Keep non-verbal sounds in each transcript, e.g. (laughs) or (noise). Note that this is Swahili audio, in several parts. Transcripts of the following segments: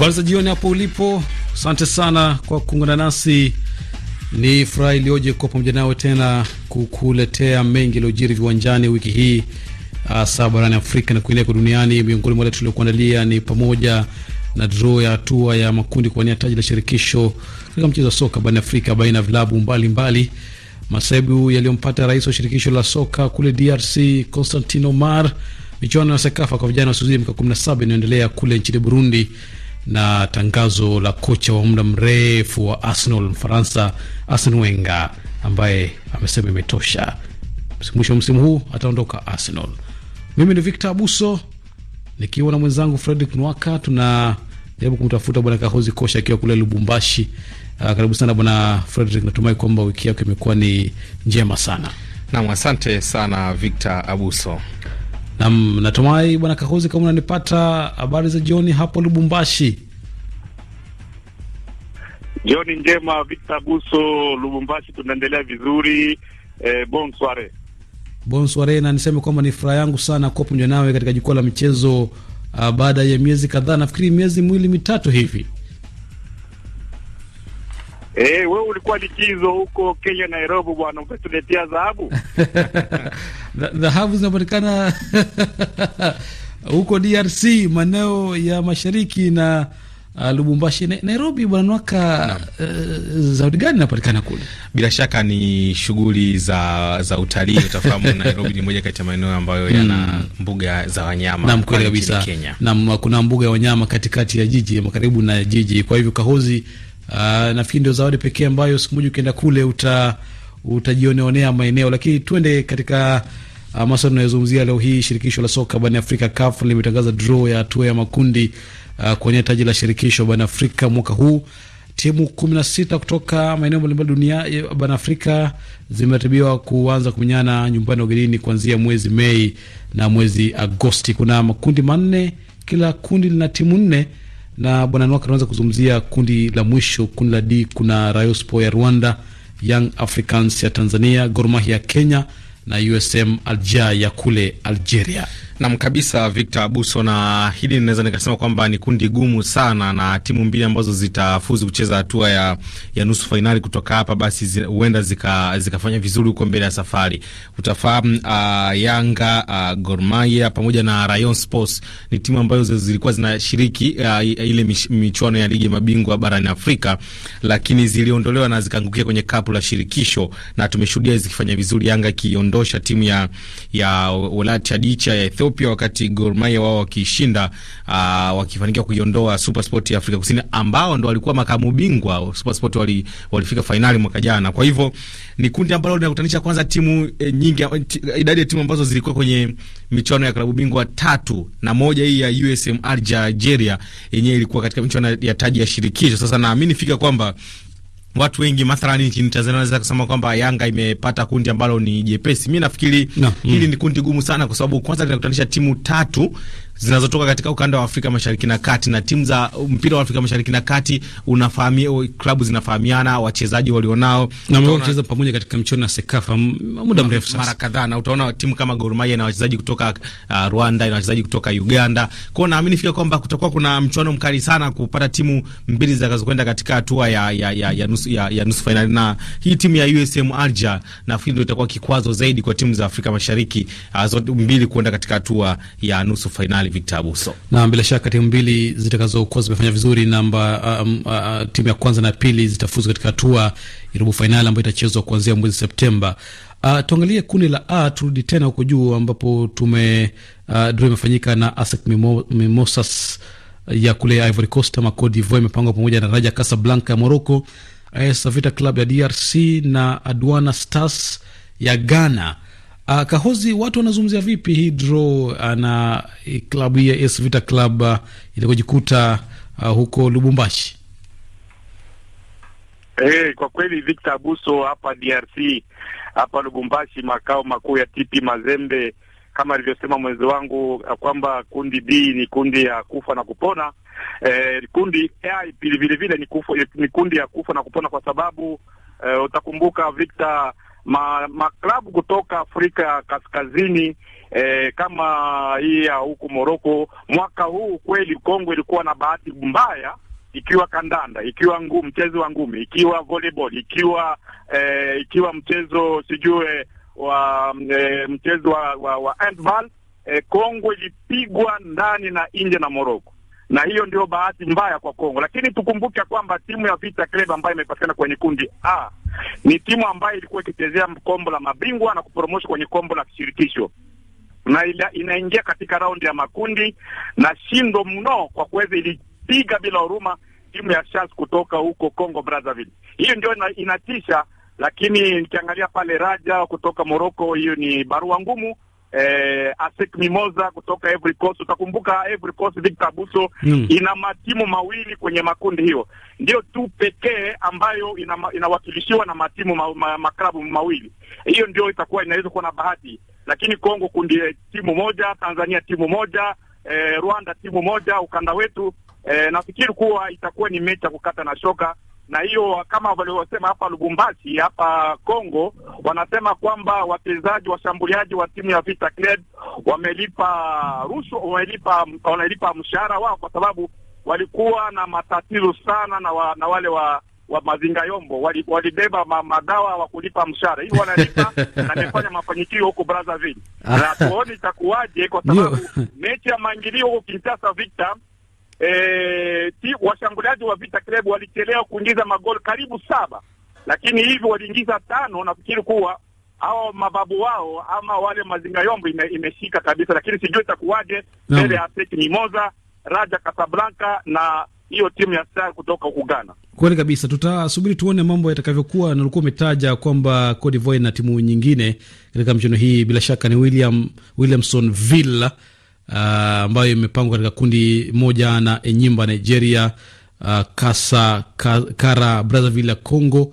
Habari za jioni hapo ulipo, asante sana kwa kuungana nasi. Ni furaha iliyoje kuwa pamoja nawe tena kukuletea mengi iliyojiri viwanjani wiki hii, hasa ah, barani Afrika na kwa duniani. Miongoni mwa wale tuliokuandalia ni pamoja na draw ya hatua ya makundi kuwania taji la shirikisho katika mchezo wa soka barani Afrika baina ya vilabu mbalimbali, masaibu yaliyompata rais wa shirikisho la soka kule DRC Constantin Omar, michuano ya Sekafa kwa vijana wasiozidi miaka 17 inaendelea kule nchini Burundi na tangazo la kocha wa muda mrefu wa Arsenal Mfaransa Arsene Wenger ambaye amesema imetosha, mwisho wa msimu huu ataondoka Arsenal. Mimi ni Victor Abuso nikiwa na mwenzangu Fredrick Nwaka, tunajaribu kumtafuta bwana Kahozi Kosha akiwa kule Lubumbashi. Uh, karibu sana bwana Fredrick, natumai kwamba wiki yako imekuwa ni njema sana. Nam, asante sana Victor Abuso. Na natumai bwana Kahozi, kama unanipata, habari za jioni hapo Lubumbashi. Jioni njema, Victor Buso, Lubumbashi, tunaendelea vizuri. E, bonsware bonsware, na niseme kwamba ni furaha yangu sana kuwa pamoja nawe katika jukwaa la michezo uh, baada ya miezi kadhaa, nafikiri miezi miwili mitatu hivi Eh, wewe ulikuwa likizo huko Kenya Nairobi, bwana umetuletea dhahabu. (laughs) Dhahabu zinapatikana (laughs) huko DRC maeneo ya mashariki na uh, Lubumbashi. na, Nairobi bwana Nwaka, uh, zawadi gani inapatikana kule? Bila shaka ni shughuli za za utalii. Utafahamu (laughs) Nairobi ni moja kati ya maeneo ambayo yana hmm. mbuga za wanyama. na kweli kabisa. na kuna mbuga ya wanyama katikati ya jiji, karibu na jiji. Kwa hivyo kahozi Uh, nafikiri ndio zawadi pekee ambayo siku moja ukienda kule uta utajioneonea maeneo. Lakini tuende katika uh, ah, maswali unayozungumzia leo hii. Shirikisho la soka barani Afrika CAF limetangaza draw ya hatua ya makundi uh, kuwania taji la shirikisho barani Afrika mwaka huu. Timu kumi na sita kutoka maeneo mbalimbali dunia eh, barani Afrika zimeratibiwa kuanza kumenyana nyumbani ugenini kuanzia mwezi Mei na mwezi Agosti. Kuna makundi manne, kila kundi lina timu nne na bwana Nwaka, anaweza kuzungumzia kundi la mwisho, kundi la D. Kuna Rayospo ya Rwanda, Young Africans ya Tanzania, Gor Mahia ya Kenya na USM Alger ya kule Algeria. Nam kabisa, Victor Abuso, na hili ninaweza nikasema kwamba ni kundi gumu sana, na timu mbili ambazo zitafuzu kucheza hatua ya, ya nusu fainali kutoka hapa basi huenda zi, zikafanya zika vizuri huko mbele ya safari. Utafahamu uh, Yanga uh, Gor Mahia pamoja na Rayon Sports ni timu ambazo zilikuwa zinashiriki uh, ile michuano ya ligi mabingwa barani Afrika, lakini ziliondolewa na zikaangukia kwenye kapu la shirikisho, na tumeshuhudia zikifanya vizuri, Yanga ikiondosha timu ya ya Wlatcha Dicha ya Ethiopia Ethiopia, wakati Gor Mahia wao wakishinda, uh, wakifanikiwa kuiondoa SuperSport ya Afrika Kusini ambao ndo walikuwa makamu bingwa. SuperSport wali, walifika fainali mwaka jana. Kwa hivyo ni kundi ambalo linakutanisha kwanza timu e, nyingi, idadi ya timu ambazo zilikuwa kwenye michuano ya klabu bingwa tatu na moja hii ya USM Algeria yenyewe ilikuwa katika michuano ya taji ya shirikisho. Sasa naamini fika kwamba watu wengi mathalani nchini Tanzania wanaweza kusema kwamba Yanga imepata kundi ambalo ni jepesi. Mi nafikiri no. hili mm. ni kundi gumu sana, kwa sababu kwanza linakutanisha timu tatu zinazotoka katika ukanda wa Afrika Mashariki na Kati, na timu za mpira wa Afrika Mashariki na Kati unafahamia, klabu zinafahamiana, wachezaji walionao na wao kucheza pamoja katika mchezo na Sekafa muda mrefu sasa, mara kadhaa, na utaona timu kama Gor Mahia na wachezaji kutoka uh, Rwanda na wachezaji kutoka Uganda. Kwa hiyo naamini fika kwamba kutakuwa kuna mchuano mkali sana kupata timu mbili zitakazokwenda katika hatua ya ya ya, ya nusu ya, ya nusu finali, na hii timu ya USM Alger nafikiri ndio itakuwa kikwazo zaidi kwa timu za Afrika Mashariki uh, zote mbili kuenda katika hatua ya nusu finali. Victor Abuso. Na bila shaka timu mbili zitakazokuwa zimefanya vizuri namba um, uh, uh, timu ya kwanza na pili zitafuzu katika hatua ya robo fainali ambayo itachezwa kuanzia mwezi Septemba. Uh, tuangalie kundi la A, turudi tena huko juu ambapo tume uh, duru imefanyika na ASEC Mimosas uh, ya kule Ivory Coast ama Cote d'Ivoire imepangwa pamoja na Raja Casablanca ya Morocco, AS Vita Club ya DRC na Aduana Stars ya Ghana. Uh, Kahozi, watu wanazungumzia vipi hii draw ah, na klabu hii ya AS Vita Club uh, ah, ilikojikuta uh, huko Lubumbashi? Hey, eh, kwa kweli Victor Abuso, hapa DRC hapa Lubumbashi, makao makuu ya TP Mazembe, kama alivyosema mwenzi wangu kwamba kundi B ni kundi ya kufa na kupona. Eh, kundi A vilevile ni, ni kundi ya kufa na kupona kwa sababu eh, utakumbuka Victor ma, maklabu kutoka Afrika ya Kaskazini eh, kama hii ya huku Moroko. Mwaka huu kweli Kongo ilikuwa na bahati mbaya ikiwa kandanda, ikiwa ngu, mchezo wa ngumi, ikiwa volleyball, ikiwa eh, ikiwa mchezo sijue wa eh, mchezo wa, wa, wa handball eh, Kongo ilipigwa ndani na nje na Moroko, na hiyo ndio bahati mbaya kwa Kongo, lakini tukumbuke kwamba timu ya Vita Club ambayo imepatikana kwenye kundi A ni timu ambayo ilikuwa ikichezea kombo la mabingwa na kupromosha kwenye kombo la kishirikisho na ila, inaingia katika raundi ya makundi na shindo mno kwa kuweza ilipiga bila huruma timu ya Shas kutoka huko Congo Brazzaville. Hiyo ndio ina, inatisha, lakini nikiangalia pale Raja kutoka Morocco, hiyo ni barua ngumu eh, Asec Mimosa kutoka Every Coast. Utakumbuka Every Coast, Victor Buso, mm. ina matimu mawili kwenye makundi, hiyo ndio tu pekee ambayo inawakilishiwa na matimu ma, ma, maklabu mawili. Hiyo ndio itakuwa inaweza kuwa na bahati, lakini Kongo kundi eh, timu moja, Tanzania timu moja, eh, Rwanda timu moja, ukanda wetu eh, nafikiri kuwa itakuwa ni mechi ya kukata na shoka na hiyo kama walivyosema hapa Lubumbashi, hapa Kongo, wanasema kwamba wachezaji washambuliaji wa timu ya Vita Club wamelipa rushwa, wamelipa wanalipa mshahara wao, kwa sababu walikuwa na matatizo sana na, wa, na wale wa wa Mazinga Yombo walibeba wali madawa wa kulipa mshahara hivi wanalipa (laughs) na amefanya mafanikio huko Brazzaville, ah. na tuone itakuwaje, kwa sababu (laughs) mechi ya maingilio huko Kinshasa Victor eh, washambuliaji wa Vita Club walichelewa kuingiza magoli karibu saba, lakini hivi waliingiza tano. Nafikiri kuwa hao mababu wao ama wale mazinga yombo ime, imeshika kabisa, lakini sijui itakuwaje mbele ya Asec mimoza Raja Casablanca na hiyo timu ya Star kutoka huku Ghana. Kweli kabisa, tutasubiri tuone mambo yatakavyokuwa. Na ulikuwa umetaja kwamba Cote d'Ivoire na timu nyingine katika mchezo hii bila shaka ni William Williamson Villa uh, ambayo imepangwa katika kundi moja na Enyimba Nigeria, uh, Kasa ka, Kara Brazzaville ya Congo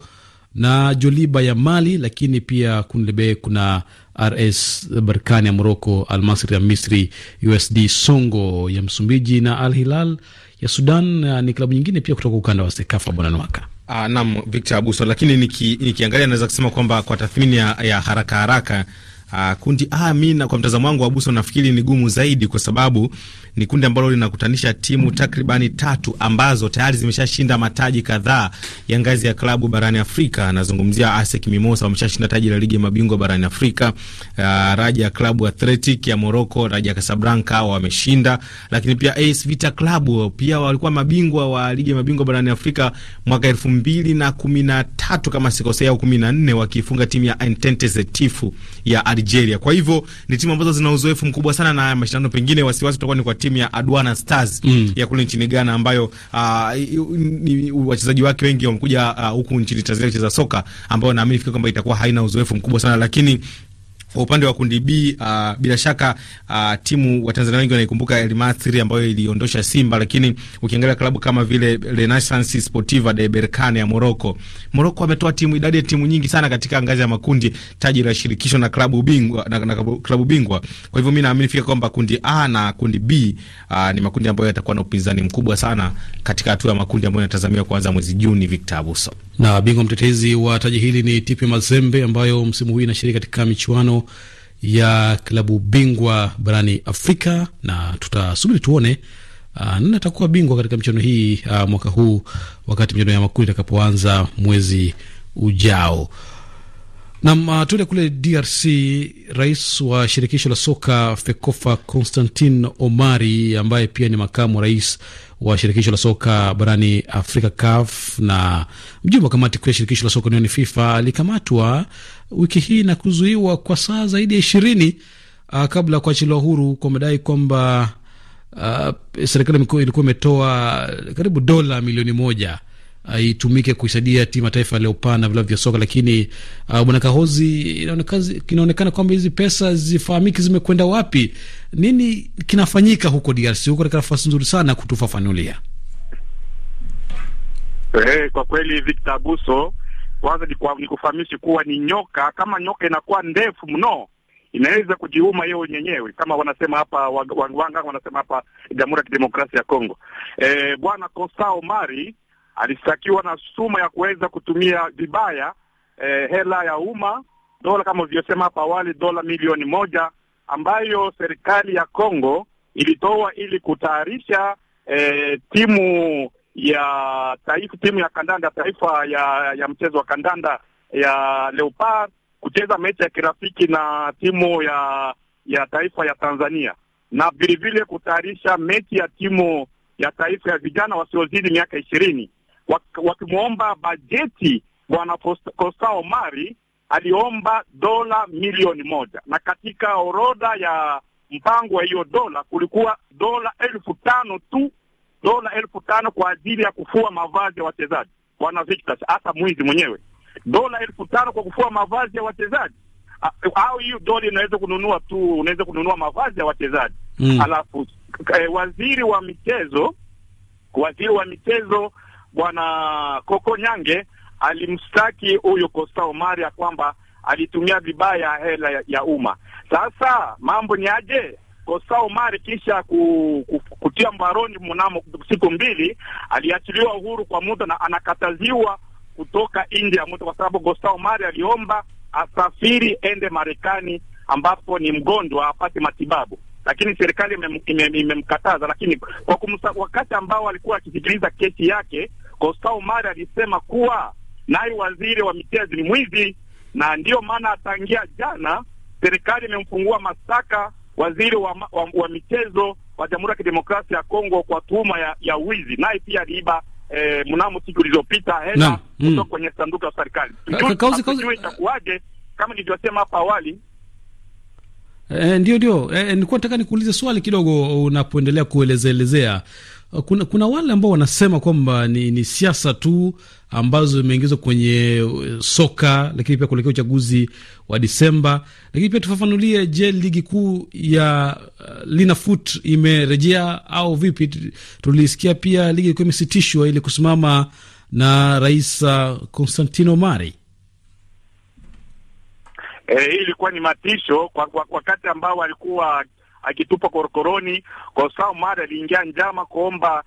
na Joliba ya Mali, lakini pia kundi B kuna RS Barkani ya Morocco, Al Masry ya Misri, USD Songo ya Msumbiji na Al Hilal ya Sudan. Uh, ni klabu nyingine pia kutoka ukanda wa Sekafa bwana Nwaka. Uh, naam Victor Abuso, lakini nikiangalia niki naweza kusema kwamba kwa tathmini ya, ya haraka haraka Uh, kundi A mi na kwa mtazamo wangu Abuso, nafikiri ni gumu zaidi, kwa sababu ni kundi ambalo linakutanisha timu takribani tatu ambazo tayari zimeshashinda mataji kadhaa ya ngazi ya klabu barani Afrika. Nazungumzia ASEC Mimosa, wameshashinda taji la ligi ya mabingwa barani Afrika. Uh, Raja ya klabu Athletic ya Morocco, Raja Casablanca wameshinda, lakini pia AS Vita Club pia walikuwa mabingwa wa ligi ya mabingwa barani Afrika mwaka elfu mbili na kumi na tatu kama sikosea au kumi na nne wakiifunga timu ya Entente Zetifu ya Algeria. Kwa hivyo ni timu ambazo zina uzoefu mkubwa sana na mashindano, pengine wasiwasi utakuwa ni kwa timu ya Aduana Stars mm. ya kule nchini Ghana ambayo uh, wachezaji wake wengi wamekuja ah, huku uh, nchini Tanzania kucheza soka ambayo naamini fika kwamba itakuwa haina uzoefu mkubwa sana lakini kwa upande wa kundi B, uh, bila shaka uh, timu wa Tanzania wengi wanaikumbuka El Masry ambayo iliondosha Simba, lakini ukiangalia klabu kama vile Renaissance Sportiva de Berkane ya Morocco, Morocco ametoa timu idadi ya timu nyingi sana katika ngazi ya makundi, taji la shirikisho na klabu bingwa na, na klabu bingwa. Kwa hivyo mimi naamini fika kwamba kundi A na kundi B uh, ni makundi ambayo yatakuwa na upinzani mkubwa sana katika hatua ya makundi ambayo yanatazamiwa kuanza mwezi Juni. Victor Abuso na bingwa mtetezi wa taji hili ni TP Mazembe ambayo msimu huu inashiriki katika michuano ya klabu bingwa barani Afrika, na tutasubiri tuone uh, nani atakuwa bingwa katika michuano hii uh, mwaka huu wakati michuano ya makundi itakapoanza mwezi ujao. Nam ah, tuende kule DRC. Rais wa shirikisho la soka FEKOFA Constantin Omari, ambaye pia ni makamu rais wa shirikisho la soka barani Afrika CAF na mjumbe wa kamati kuu ya shirikisho la soka duniani FIFA alikamatwa wiki hii na kuzuiwa kwa saa zaidi ya ishirini ah, kabla ya kuachiliwa huru kwa madai kwamba ah, serikali ilikuwa imetoa karibu dola milioni moja uh, itumike kuisaidia timu ya taifa iliyopanda vilabu vya soka. Lakini uh, bwana Kahozi, inaonekana kwamba hizi pesa zifahamiki zimekwenda wapi. Nini kinafanyika huko DRC? Huko katika nafasi nzuri sana kutufafanulia. Hey, eh, kwa kweli Victor Buso, kwanza ni kufahamishi kuwa ni nyoka. Kama nyoka inakuwa ndefu mno inaweza kujiuma yeye mwenyewe, kama wanasema hapa wangwanga, wanasema hapa Jamhuri ya Kidemokrasia ya Kongo. E, bwana Kosta Omari alishtakiwa na shutuma ya kuweza kutumia vibaya eh, hela ya umma dola kama ulivyosema hapo awali, dola milioni moja ambayo serikali ya Kongo ilitoa ili kutayarisha eh, timu ya taifa timu ya kandanda taifa ya ya mchezo wa kandanda ya Leopard kucheza mechi ya kirafiki na timu ya ya taifa ya Tanzania na vilevile kutayarisha mechi ya timu ya taifa ya vijana wasiozidi miaka ishirini wakimwomba bajeti. Bwana Kosta Omari aliomba dola milioni moja na katika orodha ya mpango wa hiyo dola kulikuwa dola elfu tano tu, dola elfu tano kwa ajili ya kufua mavazi ya wachezaji. Bwana Victor, hata mwizi mwenyewe, dola elfu tano kwa kufua mavazi ya wachezaji au hiyo dola inaweza kununua tu, unaweza kununua mavazi ya wachezaji mm. Alafu eh, waziri wa michezo, waziri wa michezo bwana Koko Nyange alimstaki huyu Kosta Omari ya kwamba alitumia vibaya hela ya, ya umma. Sasa mambo ni aje? Kosta Omari kisha ku, ku, kutia mbaroni mnamo siku mbili aliachiliwa uhuru kwa muda na anakataziwa kutoka India muda, kwa sababu Kosta Omari aliomba asafiri ende Marekani ambapo ni mgonjwa apate matibabu, lakini serikali imemkataza. Lakini kwa kumsa, wakati ambao alikuwa akisikiliza kesi yake Costa Omari alisema kuwa naye waziri wa michezo ni mwizi, na ndiyo maana atangia jana serikali imemfungua mashtaka waziri wa, wa, wa michezo wa Jamhuri ya Kidemokrasia ya Kongo kwa tuhuma ya, ya wizi, naye pia aliiba e, mnamo siku ilizopita hela kutoka hmm. kwenye sanduku la serikali. Sijui eh, itakuwaje kama nilivyosema hapo awali. E, ndio ndio, e, nilikuwa nataka nikuulize swali kidogo unapoendelea kuelezaelezea Uh, kuna, kuna wale ambao wanasema kwamba ni, ni siasa tu ambazo imeingizwa kwenye uh, soka, lakini pia kuelekea uchaguzi wa Disemba. Lakini pia tufafanulie, je, ligi kuu ya uh, lina imerejea au vipi? Tulisikia pia ligi ilikuwa imesitishwa ili kusimama na Rais uh, Constantino Mari. E, eh, hii ilikuwa ni matisho kwa, kwa wakati ambao walikuwa akitupa korokoroni, kwa sababu mara aliingia njama kuomba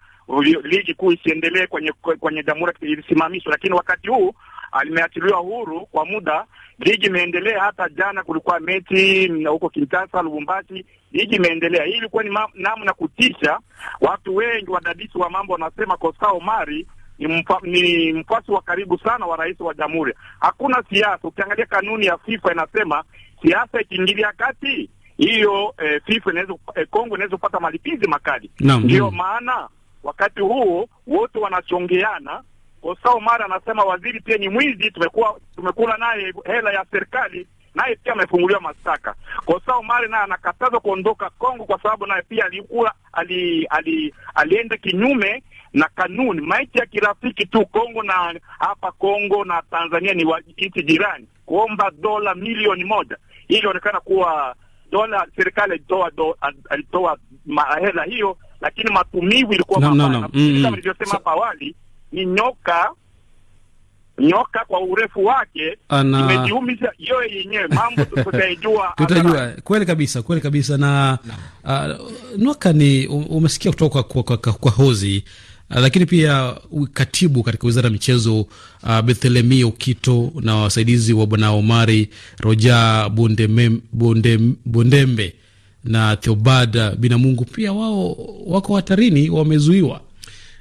ligi kuu isiendelee kwenye kwenye jamhuri ilisimamishwa, lakini wakati huu alimeachiliwa huru kwa muda, ligi imeendelea. Hata jana kulikuwa mechi huko Kinshasa, Lubumbashi, ligi imeendelea. Hii ilikuwa ni namna kutisha watu wengi. Wadadisi wa mambo wanasema Kosta Omari ni mfuasi wa karibu sana wa rais wa jamhuri. Hakuna siasa. Ukiangalia kanuni ya FIFA inasema siasa ikiingilia kati hiyo eh, FIFA inaweza eh, Kongo inaweza kupata malipizi makali. Ndiyo maana wakati huo wote wanachongeana. Kosa Omar anasema waziri pia ni mwizi, tumekuwa tumekula naye hela ya serikali, naye pia amefunguliwa mashtaka. Kosa Omar naye anakatazwa kuondoka Kongo kwa sababu naye pia alikuwa ali, ali, alienda kinyume na kanuni. Maiti ya kirafiki tu Kongo na hapa Kongo na Tanzania ni nchi jirani, kuomba dola milioni moja ilionekana kuwa dola, serikali alitoa do, alitoa hela hiyo, lakini matumizi ilikuwa no, no, no. Mm -hmm. Kama nilivyosema hapo awali ni nyoka nyoka kwa urefu wake Ana... imejiumiza yeye yenyewe, mambo (laughs) tutajua tutajua kweli kabisa, kweli kabisa na no. Uh, nyoka ni umesikia kutoka kwa, kwa, kwa, kwa hozi Ah, lakini pia katibu katika wizara ya michezo uh, ah, Bethlehemia Okito na wasaidizi wa bwana Omari Roja Bondembe, na Theobad Binamungu pia wao wako hatarini, wamezuiwa.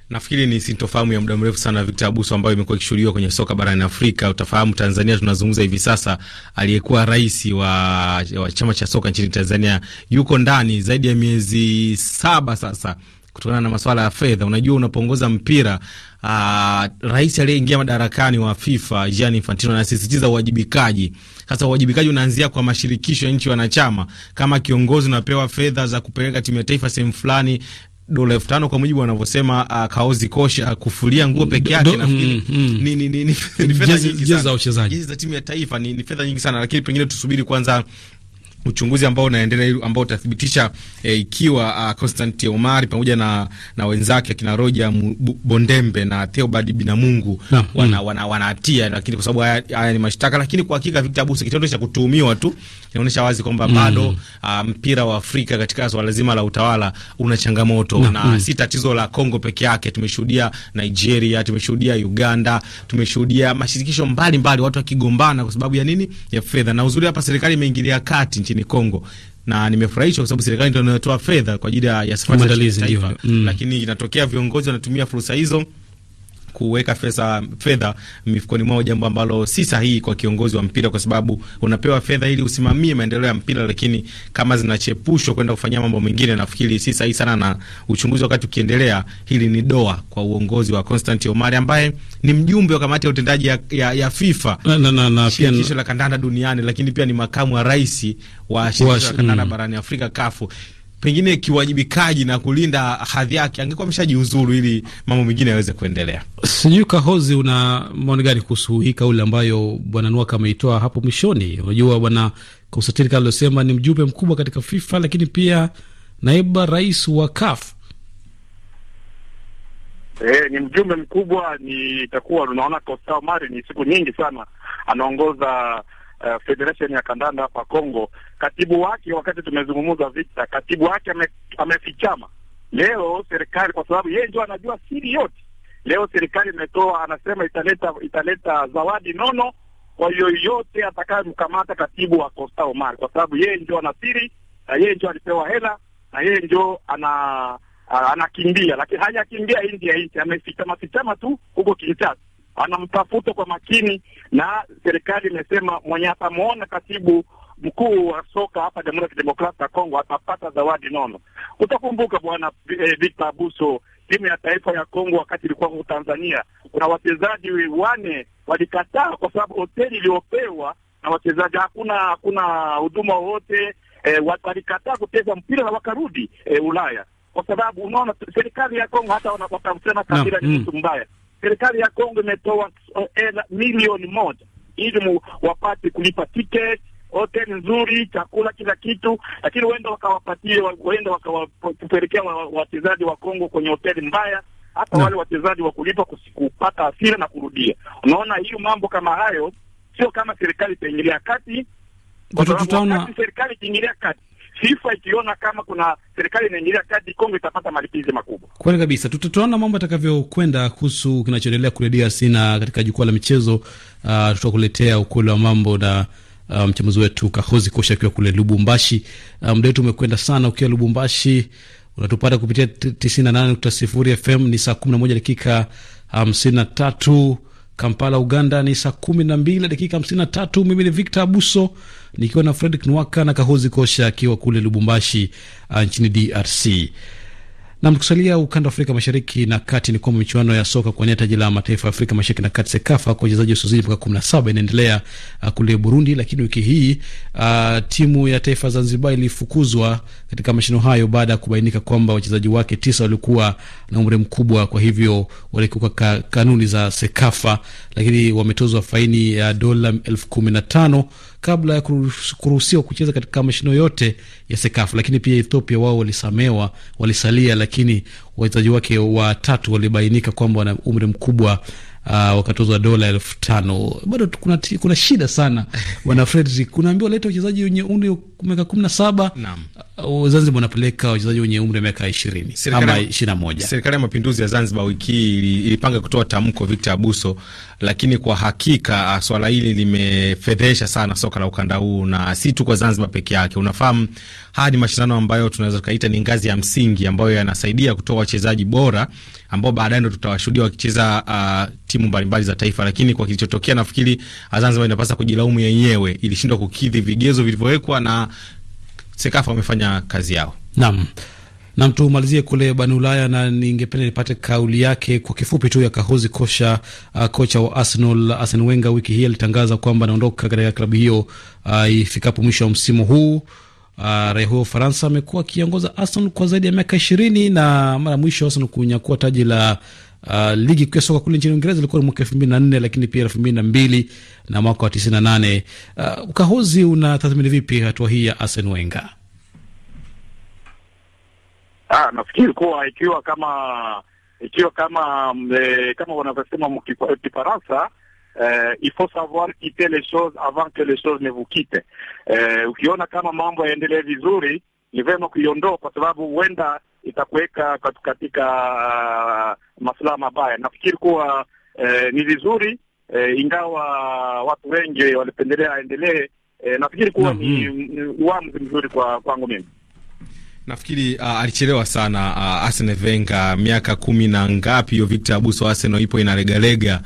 Nafikiri ni sintofahamu ya muda mrefu sana, Victor Abuso, ambayo imekuwa ikishuhudiwa kwenye soka barani Afrika. Utafahamu Tanzania tunazungumza hivi sasa, aliyekuwa rais wa, wa chama cha soka nchini Tanzania yuko ndani zaidi ya miezi saba sasa kutokana na masuala ya fedha. Unajua, unapoongoza mpira uh, rais aliyeingia madarakani wa FIFA Gianni Infantino anasisitiza uwajibikaji. Sasa uwajibikaji unaanzia kwa mashirikisho ya nchi wanachama. Kama kiongozi unapewa fedha za kupeleka timu ya taifa sehemu fulani dola elfu tano kwa mujibu wanavyosema uh, Kaozi Kosha ah, kufulia nguo peke yake nafikiri mm, mm. ni ni ni, ni fedha nyingi sana. Jezi za timu ya taifa ni, ni fedha nyingi sana, lakini pengine tusubiri kwanza uchunguzi ambao unaendelea ambao utathibitisha eh, ikiwa uh, Constant Omari pamoja na, na wenzake akina Roja Bondembe na Theobald Binamungu wana, mm. wana, wana, wanahatia, lakini kwa sababu haya, haya ni mashtaka, lakini kwa hakika Victor Abuso kitendo cha kutuhumiwa tu inaonyesha wazi kwamba mm. bado uh, mpira wa Afrika katika swala zima la utawala una changamoto na, na mm. si tatizo la Kongo peke yake. Tumeshuhudia Nigeria, tumeshuhudia Uganda, tumeshuhudia mashirikisho mbalimbali watu wakigombana kwa sababu ya nini? Ya fedha. Na uzuri hapa serikali imeingilia kati nchini Kongo na nimefurahishwa kwa sababu serikali ndio inayotoa fedha kwa ajili ya safari za taifa, mm. lakini inatokea viongozi wanatumia fursa hizo kuweka fedha fedha mifukoni mwao, jambo ambalo si sahihi kwa kiongozi wa mpira, kwa sababu unapewa fedha ili usimamie maendeleo ya mpira, lakini kama zinachepushwa kwenda kufanyia mambo mengine, nafikiri si sahihi sana. Na uchunguzi wakati ukiendelea, hili ni doa kwa uongozi wa Constant Omari ambaye ni mjumbe wa kamati ya utendaji ya, ya, ya FIFA na, na, na, shirikisho la kandanda duniani, lakini pia ni makamu wa rais wa shirikisho la kandanda mm. barani Afrika kafu pengine kiwajibikaji na kulinda hadhi yake, angekuwa ameshajiuzuru ili mambo mengine yaweze kuendelea. Sijui Kahozi, una maoni gani kuhusu hii kauli ambayo bwana Nwaka ameitoa hapo mwishoni? Unajua bwana Konstantini aliyosema ni mjumbe mkubwa katika FIFA, lakini pia naibu rais wa CAF. E, ni mjumbe mkubwa, ni itakuwa unaona Kosta ni siku nyingi sana anaongoza uh, Federation ya kandanda hapa Kongo, katibu wake, wakati tumezungumza vita, katibu wake amefichama leo. Serikali kwa sababu yeye ndio anajua siri yote, leo serikali imetoa, anasema italeta italeta zawadi nono kwa yoyote atakayemkamata katibu wa Costa Omar, kwa sababu yeye ndio ana siri na yeye ndio alipewa hela na yeye ndio ana anakimbia, lakini hajakimbia nje ya nchi, amefichama fichama tu huko Kinshasa anamtafuta kwa makini, na serikali imesema mwenye atamwona katibu mkuu wa soka hapa Jamhuri ya Kidemokrasia ya Kongo atapata zawadi nono. Utakumbuka bwana eh, Victor Abuso, timu ya taifa ya Kongo wakati ilikuwa huko Tanzania, kuna wachezaji wane walikataa kwa sababu hoteli iliyopewa na wachezaji hakuna hakuna huduma wowote eh, walikataa kucheza mpira na wakarudi eh, Ulaya kwa sababu unaona serikali ya Kongo hata wakamsema Kabila no, ni mtu mm. mbaya serikali ya Kongo imetoa hela eh, milioni moja ili wapate kulipa tiketi hoteli nzuri, chakula, kila kitu, lakini wenda wakawapatie, wenda wakawapelekea wachezaji wa Kongo kwenye hoteli mbaya, hata wale wachezaji wa kulipa kupata asira na kurudia. Unaona, hiyo mambo kama hayo sio kama serikali itaingilia kati, kwa sababu serikali ikiingilia kati FIFA ikiona kama kuna serikali inaingilia kati, Kongo itapata malipizi makubwa. Kweli kabisa, tutaona mambo atakavyokwenda kuhusu kinachoendelea kule DRC na katika jukwaa la michezo uh, tutakuletea ukweli wa mambo na ah, mchambuzi um, wetu Kahozi Kosha akiwa kule Lubumbashi. Ah, muda um, wetu umekwenda sana. Ukiwa Lubumbashi unatupata kupitia 98.0 FM. Ni saa 11 dakika 53. Um, Kampala, Uganda ni saa kumi na mbili dakika hamsini na tatu. Mimi ni Victor Abuso nikiwa na Fredrick Nwaka na Kahozi Kosha akiwa kule Lubumbashi uh, nchini DRC. Nam, tukisalia ukanda wa Afrika mashariki na kati, ni kwamba michuano ya soka kuwania taji la mataifa ya Afrika mashariki na kati SEKAFA kwa wachezaji wasiozidi miaka kumi na saba inaendelea uh, kule Burundi, lakini wiki hii uh, timu ya taifa ya Zanzibar ilifukuzwa katika mashindano hayo baada ya kubainika kwamba wachezaji wake tisa walikuwa na umri mkubwa, kwa hivyo walikiuka ka, kanuni za SEKAFA, lakini wametozwa faini ya dola elfu kumi na tano kabla ya kuruhusiwa kucheza katika mashindano yote ya SEKAFU. Lakini pia Ethiopia wao walisamewa, walisalia, lakini wachezaji wake watatu walibainika kwamba wana umri mkubwa. Uh, wakatozwa dola elfu tano. Bado kuna, kuna shida sana bwana Fredrick, kunaambiwa leta wachezaji wenye umri miaka kumi na saba Uh, Zanzibar unapeleka wachezaji wenye umri wa miaka ishirini ama ishirini na moja. Serikali ya Mapinduzi ya Zanzibar wiki hii ilipanga kutoa tamko, Victor Abuso, lakini kwa hakika uh, swala hili limefedhesha sana soka la ukanda huu na si tu kwa Zanzibar peke yake. Unafahamu, haya ni mashindano ambayo tunaweza tukaita ni ngazi ya msingi ambayo yanasaidia kutoa wachezaji bora ambao baadaye ndo tutawashuhudia wakicheza uh, timu mbalimbali za taifa. Lakini kwa kilichotokea, nafikiri uh, Zanzibar inapasa kujilaumu yenyewe, ilishindwa kukidhi vigezo vilivyowekwa na Sekafa wamefanya kazi yao. Naam. Nam, tumalizie kule barani Ulaya na ningependa nipate kauli yake kwa kifupi tu ya Kahozi Kosha, uh, kocha wa Arsenal. Arsene Wenger wiki hii alitangaza kwamba anaondoka katika klabu hiyo uh, ifikapo mwisho wa msimu huu. Uh, raia huyo Ufaransa amekuwa akiongoza Arsenal kwa zaidi ya miaka ishirini na mara mwisho Arsenal kunyakua taji la Uh, ligi kuu ya soka kule nchini Uingereza ilikuwa mwaka elfu mbili na nne lakini pia elfu mbili na mbili na mwaka wa tisini na nane. Uh, Kahozi, unatathmini vipi hatua hii ya Arsene Wenger? Ah, nafikiri kuwa ikiwa kama ikiwa kama e, kama wanavyosema Kifaransa Uh, il faut savoir quitter les choses avant que les choses ne vous quittent. Uh, ukiona kama mambo yaendelee vizuri ni vema kuiondoa, kwa sababu huenda itakuweka katika uh, masilaha mabaya. Nafikiri kuwa uh, ni vizuri uh, ingawa watu wengi walipendelea aendelee uh, nafikiri kuwa mm -hmm. ni uamuzi mzuri kwa kwangu mimi. Nafikiri uh, alichelewa sana uh, Arsene Wenger miaka kumi na ngapi hiyo Victor Abuso Arsenal ipo inaregalega.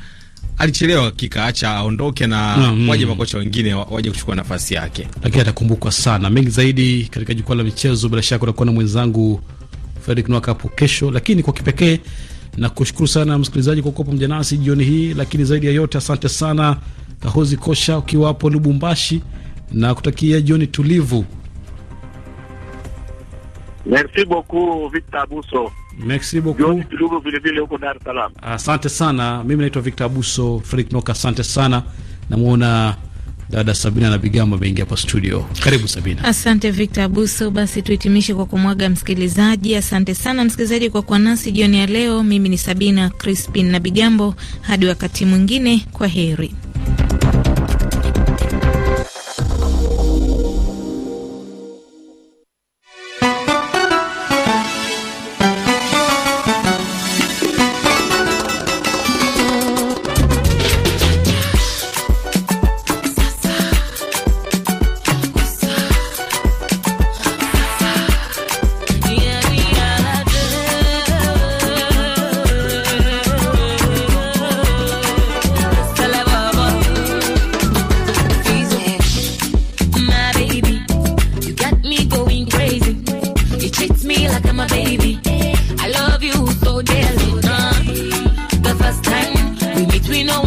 Alichelewa hakika, acha aondoke na mm -hmm. waje makocha wengine waje kuchukua nafasi yake. Lakini atakumbukwa sana mengi zaidi katika jukwaa la michezo. Bila shaka utakuwa na mwenzangu Fredrick Nwaka hapo kesho. Lakini kwa kipekee na kushukuru sana msikilizaji kwa kuwa pamoja nasi jioni hii, lakini zaidi ya yote asante sana Kahozi Kosha ukiwa hapo Lubumbashi na kutakia jioni tulivu. Merci beaucoup Victor Abuso. Merci beaucoup. Vile vile huko Dar es Salaam. Asante sana. Mimi naitwa Victor Abuso, Fredrick Noka, asante sana. Namuona dada Sabina na Bigambo ameingia hapa studio. Karibu Sabina. Asante Victor Abuso. Basi tuhitimishe kwa kumwaga msikilizaji. Asante sana msikilizaji kwa kuwa nasi jioni ya leo. Mimi ni Sabina Crispin na Bigambo, hadi wakati mwingine, kwa heri. we know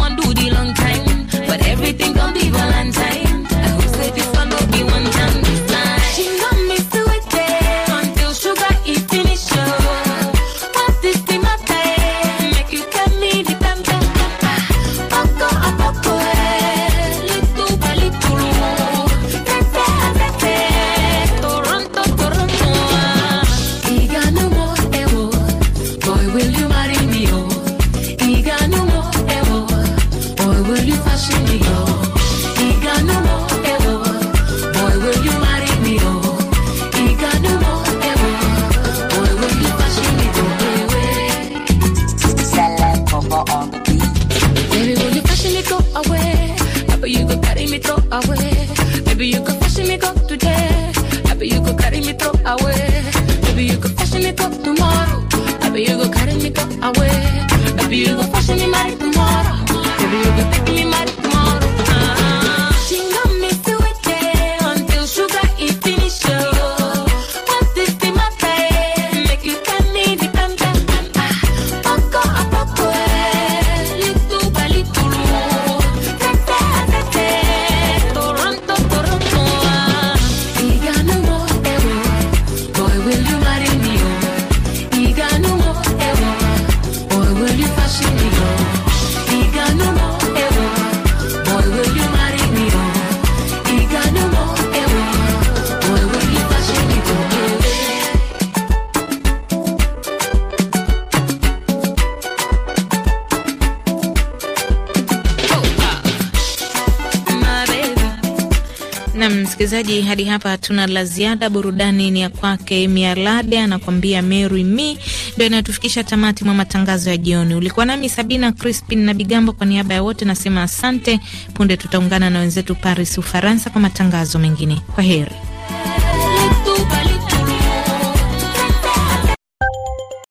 Msikilizaji, hadi hapa hatuna la ziada. Burudani ni ya kwake Mialade anakwambia Mary Me, ndio inayotufikisha tamati mwa matangazo ya jioni. Ulikuwa nami Sabina Crispin na Bigambo, kwa niaba ya wote nasema asante. Punde tutaungana na wenzetu Paris, Ufaransa, kwa matangazo mengine. Kwa heri.